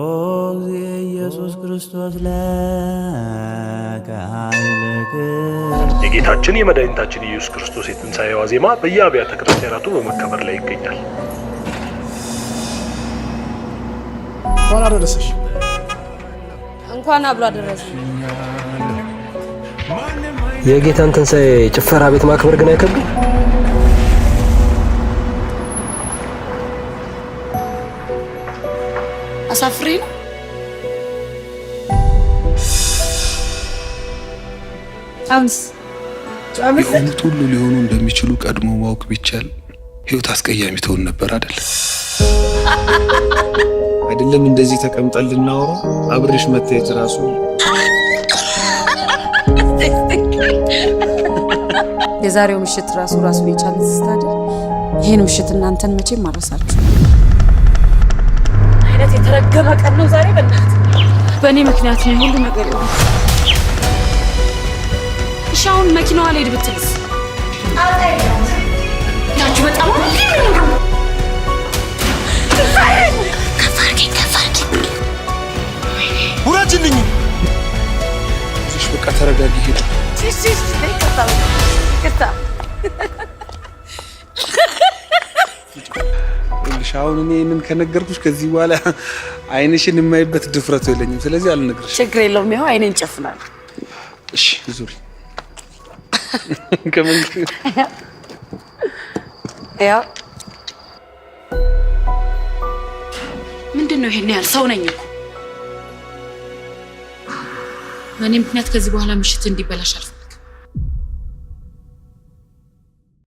ኦ ኢየሱስ ክርስቶስ የጌታችን የመድኃኒታችን ኢየሱስ ክርስቶስ የትንሣኤ ዋዜማ በየአብያተ ክርስቲያናቱ በመከበር ላይ ይገኛል። እንኳን አደረሰሽ። እንኳን አብሎ አደረሰ የጌታን ትንሣኤ ጭፈራ ቤት ማክበር ግን አይከብድም? አሳፍሬ ነው። የሆኑት ሁሉ ሊሆኑ እንደሚችሉ ቀድሞ ማወቅ ቢቻል ህይወት አስቀያሚ ትሆን ነበር አይደለም። አይደለም እንደዚህ ተቀምጠን ልናወራ አብሬሽ መታየት ራሱ የዛሬው ምሽት ራሱ ራሱ የቻለ ስታደ ይህን ምሽት እናንተን መቼም አረሳችሁ። አይነት የተረገመ ቀን ነው ዛሬ። በእናት በእኔ ምክንያት ነው ሁሉ ነገር ይሆ። እሺ አሁን መኪናዋ ልሄድ ብትልስ? ናችሁ በጣም ውረጅልኝ። በቃ ተረጋጊ ሄዱ አሁን እኔ ይህንን ከነገርኩሽ ከዚህ በኋላ አይንሽን የማይበት ድፍረቱ የለኝም። ስለዚህ አልነግርሽ። ችግር የለውም። ይኸው አይኔን ጨፍናል። እሺ ዙሪ። ምንድን ነው ይሄን ያህል ሰው ነኝ እኮ በእኔ ምክንያት ከዚህ በኋላ ምሽት እንዲበላሽ አልፈ